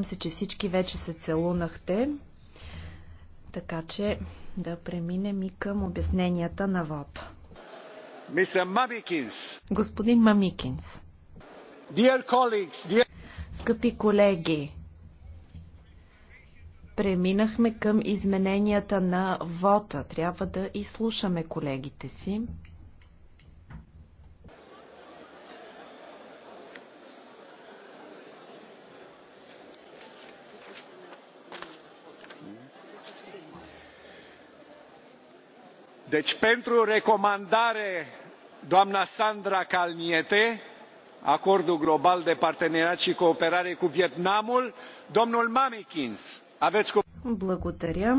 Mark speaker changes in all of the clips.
Speaker 1: Надявам се, че всички вече се целунахте, така че да преминем и към обясненията на вод. Господин Мамикинс.
Speaker 2: Dear dear...
Speaker 1: Скъпи колеги, преминахме към измененията на вода. Трябва да изслушаме колегите си.
Speaker 2: Deci pentru recomandare, doamna Sandra
Speaker 1: Calniete, acordul global de parteneriat și cooperare cu Vietnamul, domnul Mamikins. Aveți cu... Благодаря.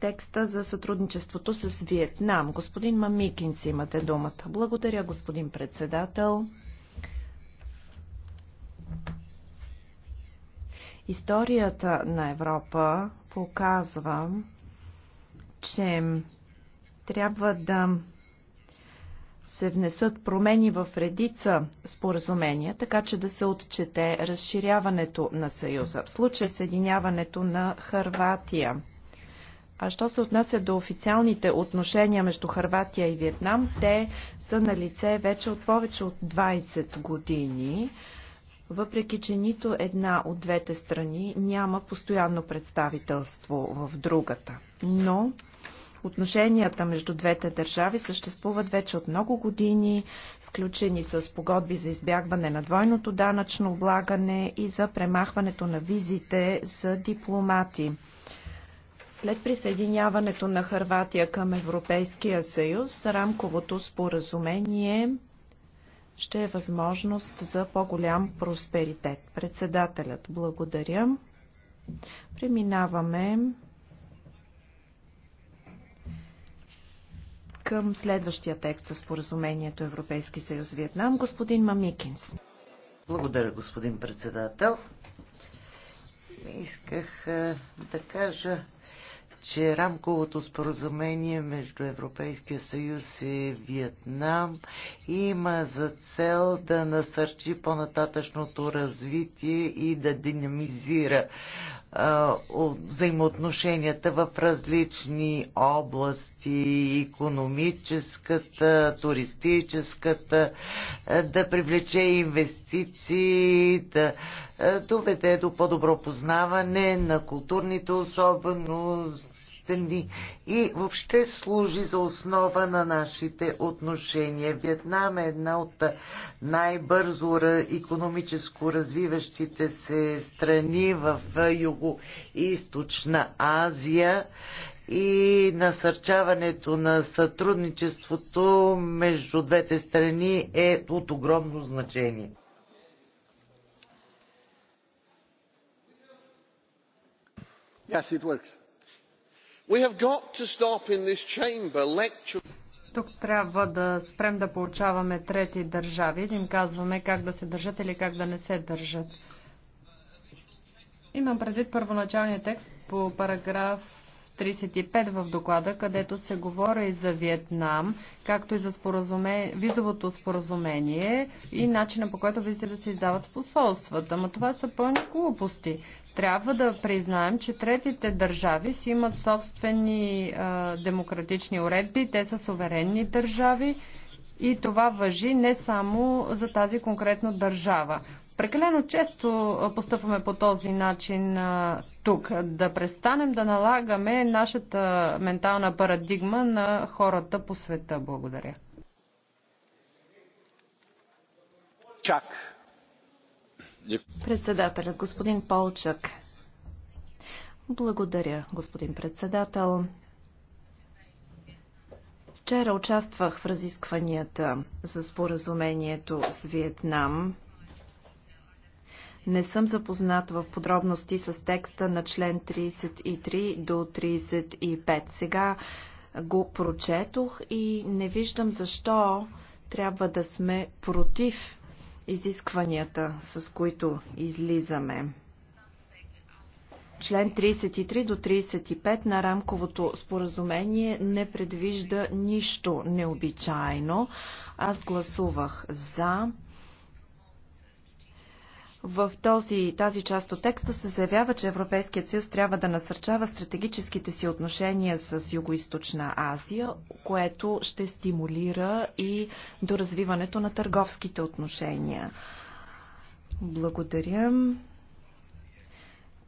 Speaker 1: Текста за сътрудничеството с Виетнам. Господин Мамикинс, имате думата. Благодаря, господин председател. Историята на Европа показва, че трябва да се внесат промени в редица споразумения, така че да се отчете разширяването на Съюза. В случай съединяването на Харватия. А що се отнася до официалните отношения между Харватия и Виетнам, те са на лице вече от повече от 20 години, въпреки че нито една от двете страни няма постоянно представителство в другата. Но Отношенията между двете държави съществуват вече от много години, сключени с погодби за избягване на двойното данъчно облагане и за премахването на визите за дипломати. След присъединяването на Харватия към Европейския съюз, рамковото споразумение ще е възможност за по-голям просперитет. Председателят, благодаря. Преминаваме към следващия текст за споразумението Европейски съюз Виетнам, господин Мамикинс.
Speaker 3: Благодаря, господин председател. Исках е, да кажа, че рамковото споразумение между Европейския съюз и Виетнам има за цел да насърчи по-нататъчното развитие и да динамизира а, е, взаимоотношенията в различни области области, економическата, туристическата, е, да привлече инвестиции, да е, доведе до по-добро познаване на културните особености и въобще служи за основа на нашите отношения. Вьетнам е една от най-бързо економическо развиващите се страни в е, Юго-Источна Азия и насърчаването на сътрудничеството между двете страни е от огромно значение. Yes, it works. We have got to stop
Speaker 4: in this chamber lecture.
Speaker 5: Тук трябва да спрем да получаваме трети държави и да им казваме как да се държат или как да не се държат. Имам предвид първоначалния текст по параграф 35 в доклада, където се говори и за Виетнам, както и за споразуме... визовото споразумение и начина по който визите да се издават в посолствата. Ама това са пълни глупости. Трябва да признаем, че третите държави си имат собствени а, демократични уредби, те са суверенни държави. И това въжи не само за тази конкретна държава. Прекалено често постъпваме по този начин тук. Да престанем да налагаме нашата ментална парадигма на хората по света. Благодаря. Чак. Председателят, господин Полчак.
Speaker 1: Благодаря, господин председател. Вчера участвах в разискванията за споразумението с Виетнам не съм запознат в подробности с текста на член 33 до 35. Сега го прочетох и не виждам защо трябва да сме против изискванията, с които излизаме. Член 33 до 35 на рамковото споразумение не предвижда нищо необичайно. Аз гласувах за. В този, тази част от текста се заявява, че Европейският съюз трябва да насърчава стратегическите си отношения с Юго-Источна Азия, което ще стимулира и до развиването на търговските отношения. Благодаря.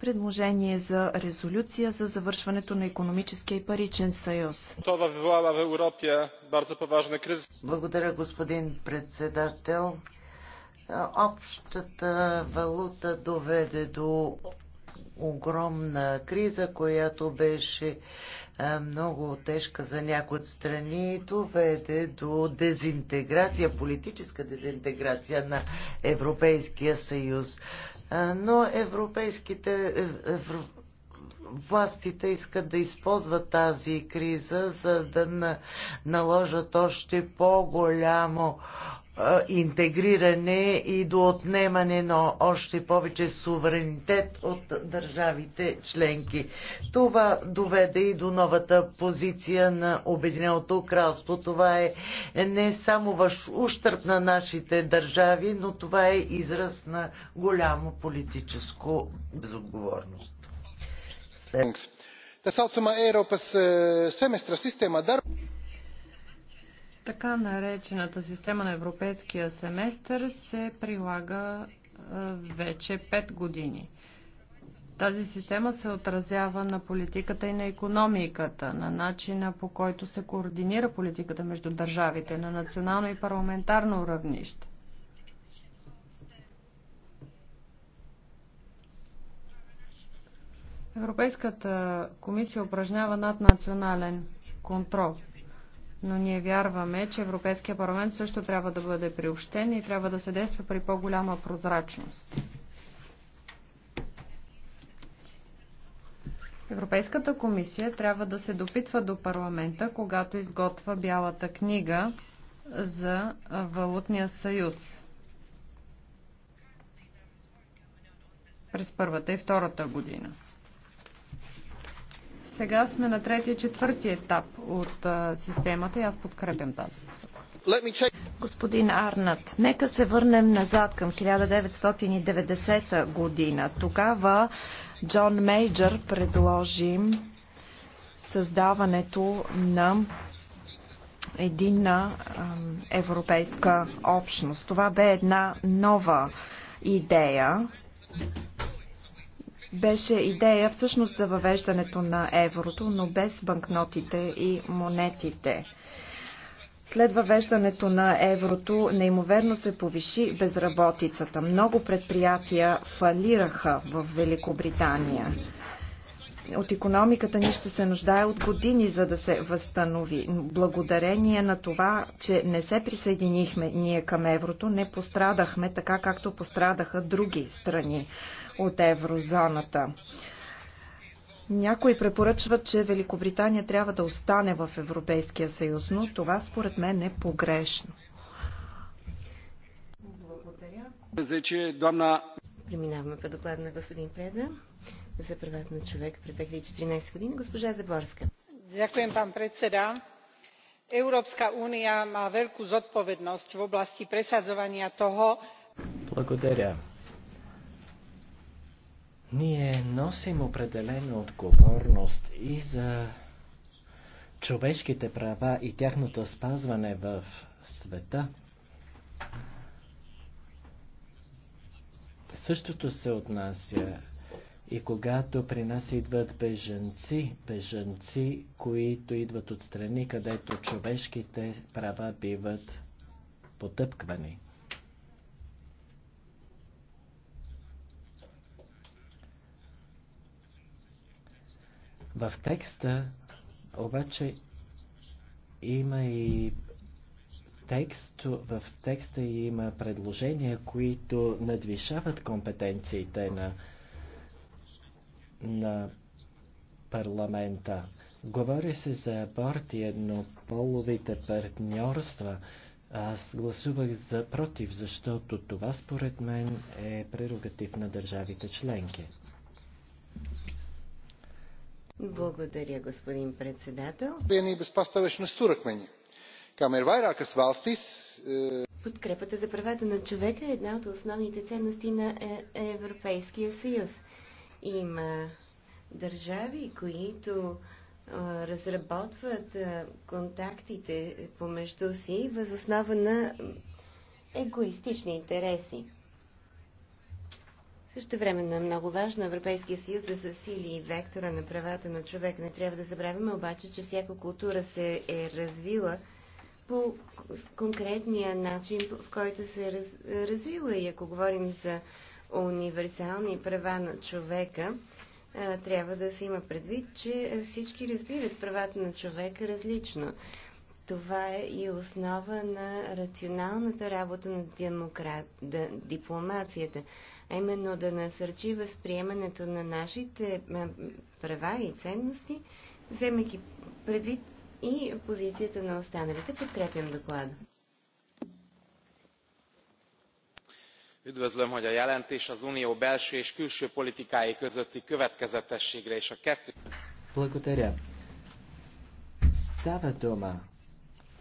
Speaker 1: Предложение за резолюция за завършването на економическия и паричен съюз.
Speaker 3: Това вивала в Европа е бързо поважна криза. Благодаря, господин председател общата валута доведе до огромна криза, която беше много тежка за някои от страни, доведе до дезинтеграция, политическа дезинтеграция на Европейския съюз. Но европейските е, евро... властите искат да използват тази криза, за да наложат още по-голямо интегриране и до отнемане на още повече суверенитет от държавите членки. Това доведе и до новата позиция на Обединеното кралство. Това е не само ваш ущърп на нашите държави, но това е израз на голямо политическо безотговорност. След...
Speaker 5: Така наречената система на европейския семестър се прилага вече 5 години. Тази система се отразява на политиката и на економиката, на начина по който се координира политиката между държавите на национално и парламентарно равнище. Европейската комисия упражнява наднационален контрол но ние вярваме, че Европейския парламент също трябва да бъде приобщен и трябва да се действа при по-голяма прозрачност. Европейската комисия трябва да се допитва до парламента, когато изготвя бялата книга за валутния съюз. През първата и втората година. Сега сме на третия четвъртия етап от системата и аз подкрепям тази Господин Арнат,
Speaker 1: нека се върнем назад към 1990 година. Тогава Джон Мейджър предложи създаването на единна европейска общност. Това бе една нова идея, беше идея всъщност за въвеждането на еврото, но без банкнотите и монетите. След въвеждането на еврото неимоверно се повиши безработицата. Много предприятия фалираха в Великобритания от економиката ни ще се нуждае от години, за да се възстанови. Благодарение на това, че не се присъединихме ние към еврото, не пострадахме така, както пострадаха други страни от еврозоната. Някои препоръчват, че Великобритания трябва да остане в Европейския съюз, но това според мен е погрешно.
Speaker 6: Благодаря.
Speaker 4: Преминаваме по доклад на господин Преда за правата на човека през 2014 година. Госпожа Заборска.
Speaker 6: Ďakujem, pán predseda. Európska únia má veľkú zodpovednosť v oblasti presadzovania toho...
Speaker 2: Благодаря. Ние носим определена отговорност и за човешките права и тяхното спазване в света. Същото се отнася и когато при нас идват беженци, беженци, които идват от страни, където човешките права биват потъпквани. В текста обаче има и текст, в текста има предложения, които надвишават компетенциите на на парламента. Говори се за аборт и еднополовите партньорства. Аз гласувах за против, защото това според мен е прерогатив на държавите членки.
Speaker 4: Благодаря, господин председател.
Speaker 2: Е, Подкрепата за
Speaker 4: правата на човека е една от основните ценности на е, Европейския съюз. Има държави, които разработват контактите помежду си възоснова на егоистични интереси. Също времено е много важно Европейския съюз да засили вектора на правата на човека. Не трябва да забравяме обаче, че всяка култура се е развила по конкретния начин, в който се е развила. И ако говорим за универсални права на човека, трябва да се има предвид, че всички разбират правата на човека различно. Това е и основа на рационалната работа на демократ, да, дипломацията, а именно да насърчи възприемането на нашите права и ценности, вземайки предвид и позицията на останалите. Подкрепям доклада.
Speaker 2: üdvözlöm hogy a jelentés az unió belső és külső politikái
Speaker 3: közötti következetességre és a kettő.
Speaker 2: Благодаря. Става дума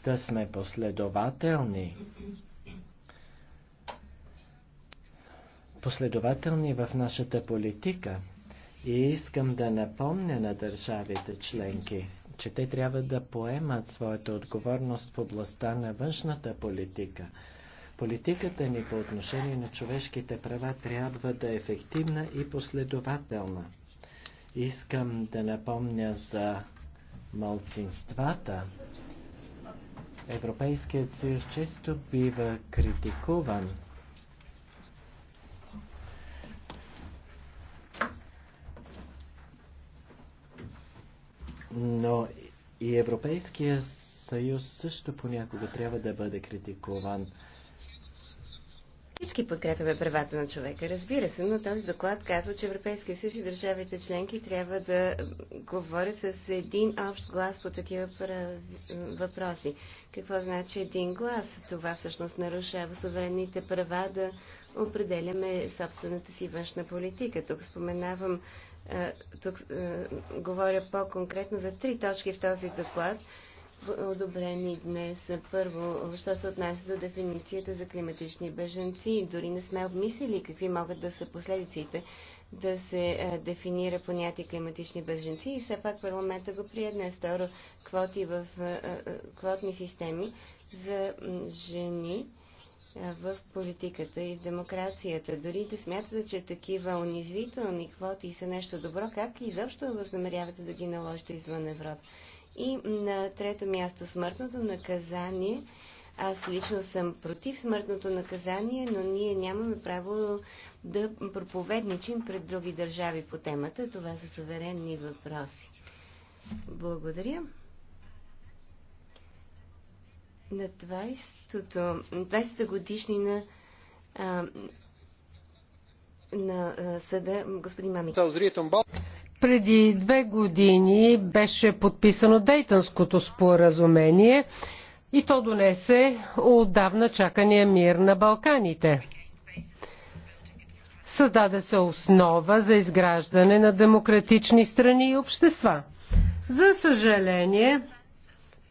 Speaker 2: да сме последователни. Последователни в нашата политика. И искам да напомня на държавите членки, че те трябва да поемат своята отговорност в областта на външната политика – Политиката ни по отношение на човешките права трябва да е ефективна и последователна. Искам да напомня за малцинствата. Европейският съюз често бива критикуван. Но и Европейския съюз също понякога трябва да бъде критикуван.
Speaker 4: Всички подкрепяме правата на човека, разбира се, но този доклад казва, че Европейския съюз и държавите членки трябва да говорят с един общ глас по такива въпроси. Какво значи един глас? Това всъщност нарушава суверенните права да определяме собствената си външна политика. Тук споменавам, е, тук е, говоря по-конкретно за три точки в този доклад, одобрени днес. Първо, що се отнася до дефиницията за климатични беженци, дори не сме обмислили какви могат да са последиците да се е, дефинира понятие климатични беженци и все пак парламента го прие днес. Второ, квоти в е, е, квотни системи за жени в политиката и в демокрацията. Дори да смятате, че такива унизителни квоти са нещо добро, как изобщо възнамерявате да ги наложите извън Европа? И на трето място смъртното наказание. Аз лично съм против смъртното наказание, но ние нямаме право да проповедничим пред други държави по темата. Това са суверенни въпроси. Благодаря. На 20-та 20 годишнина на съда господин Мамик
Speaker 6: преди две години беше подписано Дейтънското споразумение и то донесе отдавна чакания мир на Балканите. Създаде се основа за изграждане на демократични страни и общества. За съжаление,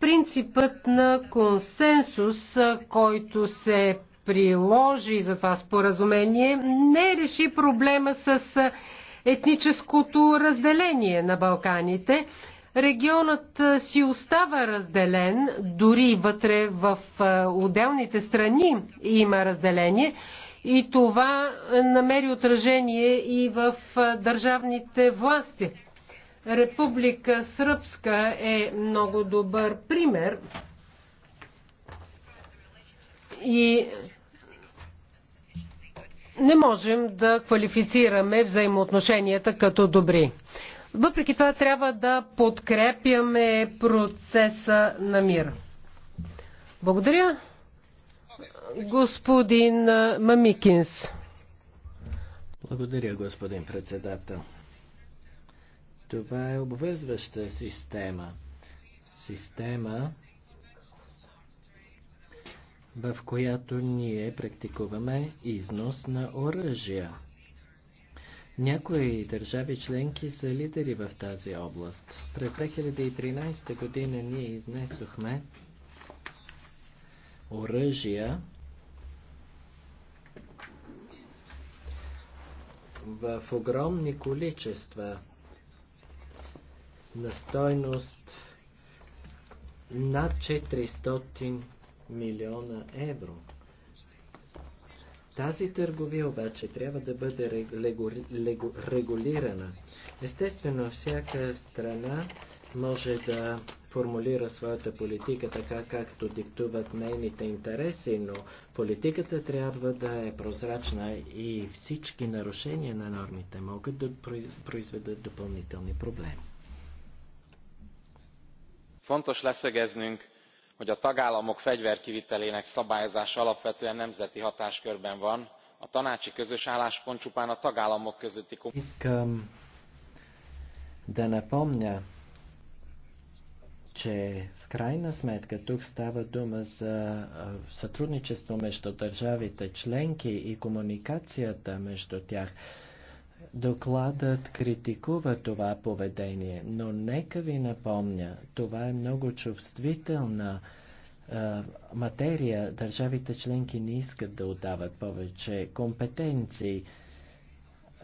Speaker 6: принципът на консенсус, който се приложи за това споразумение, не реши проблема с етническото разделение на Балканите. Регионът си остава разделен, дори вътре в отделните страни има разделение и това намери отражение и в държавните власти. Република Сръбска е много добър пример и не можем да квалифицираме взаимоотношенията като добри. Въпреки това трябва да подкрепяме процеса на мир. Благодаря. Господин Мамикинс.
Speaker 2: Благодаря, господин председател. Това е обвързваща система. Система, в която ние практикуваме износ на оръжия. Някои държави членки са лидери в тази област. През 2013 година ние изнесохме оръжия в огромни количества на стойност над 400 милиона евро. Тази търговия обаче трябва да бъде регулирана. Естествено, всяка страна може да формулира своята политика така, както диктуват нейните интереси, но политиката трябва да е прозрачна и всички нарушения на нормите могат да произведат допълнителни проблеми. Фонтош лесегезнинг hogy a tagállamok fegyverkivitelének szabályozása alapvetően nemzeti
Speaker 3: hatáskörben van a tanácsi közös álláspont csupán a tagállamok közötti
Speaker 2: че в крайна сметка тук става дума за сътрудничество между държавите членки и комуникацията между тях. Докладът критикува това поведение, но нека ви напомня, това е много чувствителна е, материя. Държавите членки не искат да отдават повече компетенции.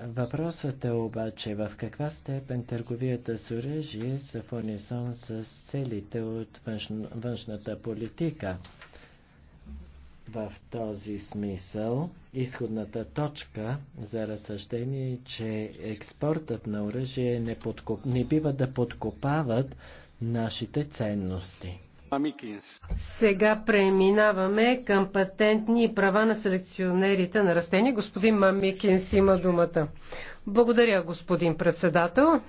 Speaker 2: Въпросът е обаче в каква степен търговията с оръжие са е в унисон с целите от външна, външната политика. В този смисъл, изходната точка за разсъждение е, че експортът на оръжие не, подкуп... не бива да подкопават нашите ценности.
Speaker 6: Сега преминаваме към патентни права на селекционерите на растения. Господин Мамикинс има думата. Благодаря, господин председател.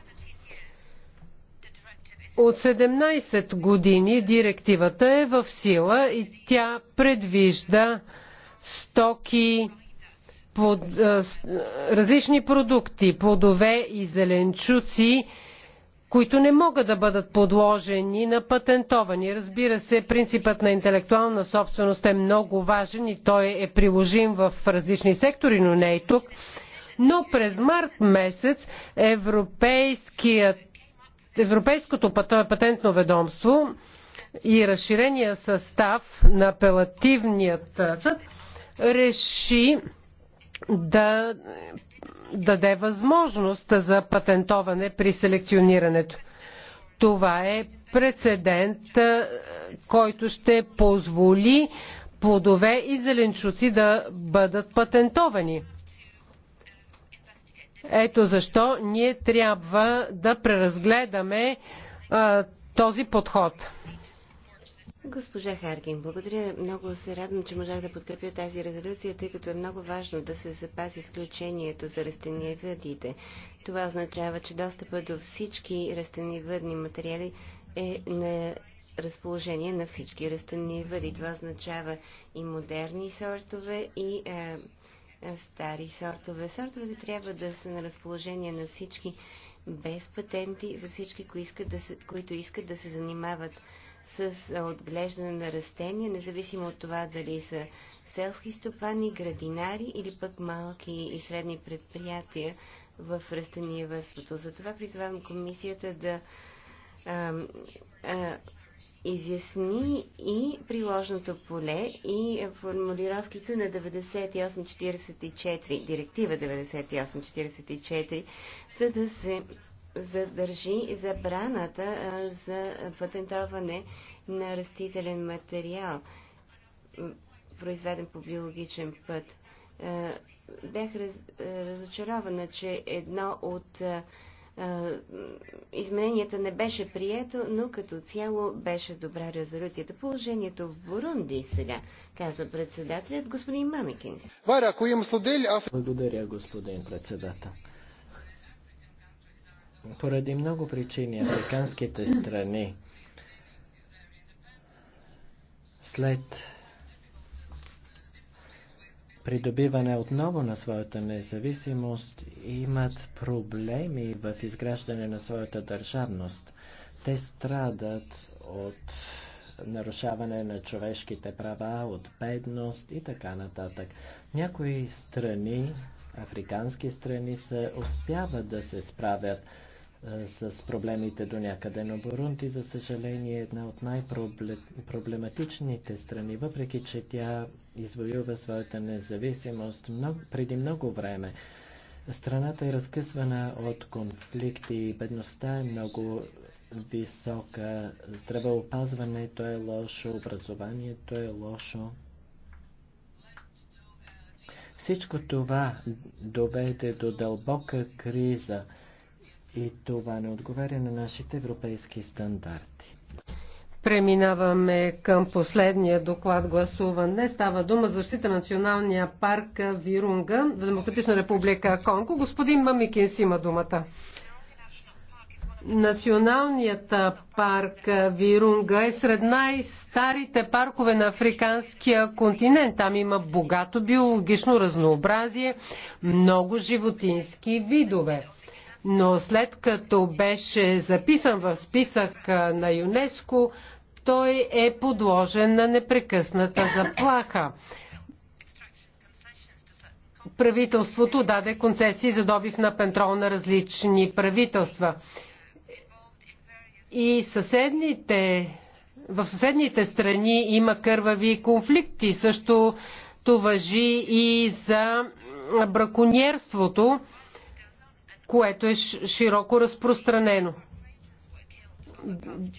Speaker 6: От 17 години директивата е в сила и тя предвижда стоки, под, различни продукти, плодове и зеленчуци, които не могат да бъдат подложени на патентовани. Разбира се, принципът на интелектуална собственост е много важен и той е приложим в различни сектори, но не и тук. Но през март месец Европейският Европейското патентно ведомство и разширения състав на апелативният съд реши да даде възможност за патентоване при селекционирането. Това е прецедент, който ще позволи плодове и зеленчуци да бъдат патентовани. Ето защо ние трябва да преразгледаме а, този подход.
Speaker 4: Госпожа Харгин, благодаря. Много се радвам, че можах да подкрепя тази резолюция, тъй като е много важно да се запази изключението за растениевъдите. Това означава, че достъпа до всички растениевъдни материали е на разположение на всички растениевъди. Това означава и модерни сортове, и е, стари сортове. Сортовете трябва да са на разположение на всички без патенти, за всички, кои искат да се, които искат да се занимават с отглеждане на растения, независимо от това дали са селски стопани, градинари или пък малки и средни предприятия в растениевъдството. Затова призвавам комисията да а, а, изясни и приложното поле и формулировките на 9844, директива 9844, за да се задържи забраната за патентоване на растителен материал, произведен по биологичен път. Бях раз, разочарована, че едно от измененията не беше прието, но като цяло беше добра резолюцията. Положението в Бурунди сега, каза председателят господин Мамикинс.
Speaker 2: Благодаря, господин председател. Поради много причини африканските страни след придобиване отново на своята независимост имат проблеми в изграждане на своята държавност. Те страдат от нарушаване на човешките права, от бедност и така нататък. Някои страни, африкански страни, се успяват да се справят с проблемите до някъде. Но Бурунди, за съжаление, е една от най-проблематичните страни, въпреки че тя извоюва своята независимост много, преди много време. Страната е разкъсвана от конфликти, бедността е много висока, здравеопазването е лошо, образованието е лошо. Всичко това доведе до дълбока криза – и това не отговаря на нашите европейски стандарти.
Speaker 6: Преминаваме към последния доклад гласуван. Не става дума за защита на националния парк Вирунга в Демократична република Конго. Господин Мамикин си има думата. Националният парк Вирунга е сред най-старите паркове на африканския континент. Там има богато биологично разнообразие, много животински видове но след като беше записан в списък на ЮНЕСКО, той е подложен на непрекъсната заплаха. Правителството даде концесии за добив на пентрол на различни правителства. И съседните, в съседните страни има кървави конфликти. Също то въжи и за браконьерството което е широко разпространено.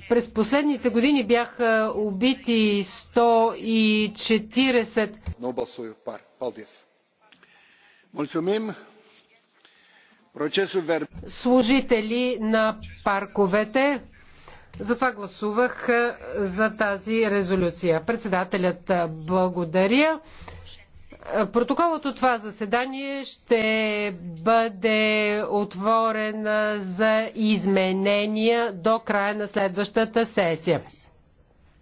Speaker 6: През последните години бяха убити
Speaker 2: 140.
Speaker 6: Служители на парковете. Затова гласувах за тази резолюция. Председателят благодаря. Протоколът от това заседание ще бъде отворен за изменения до края на следващата сесия.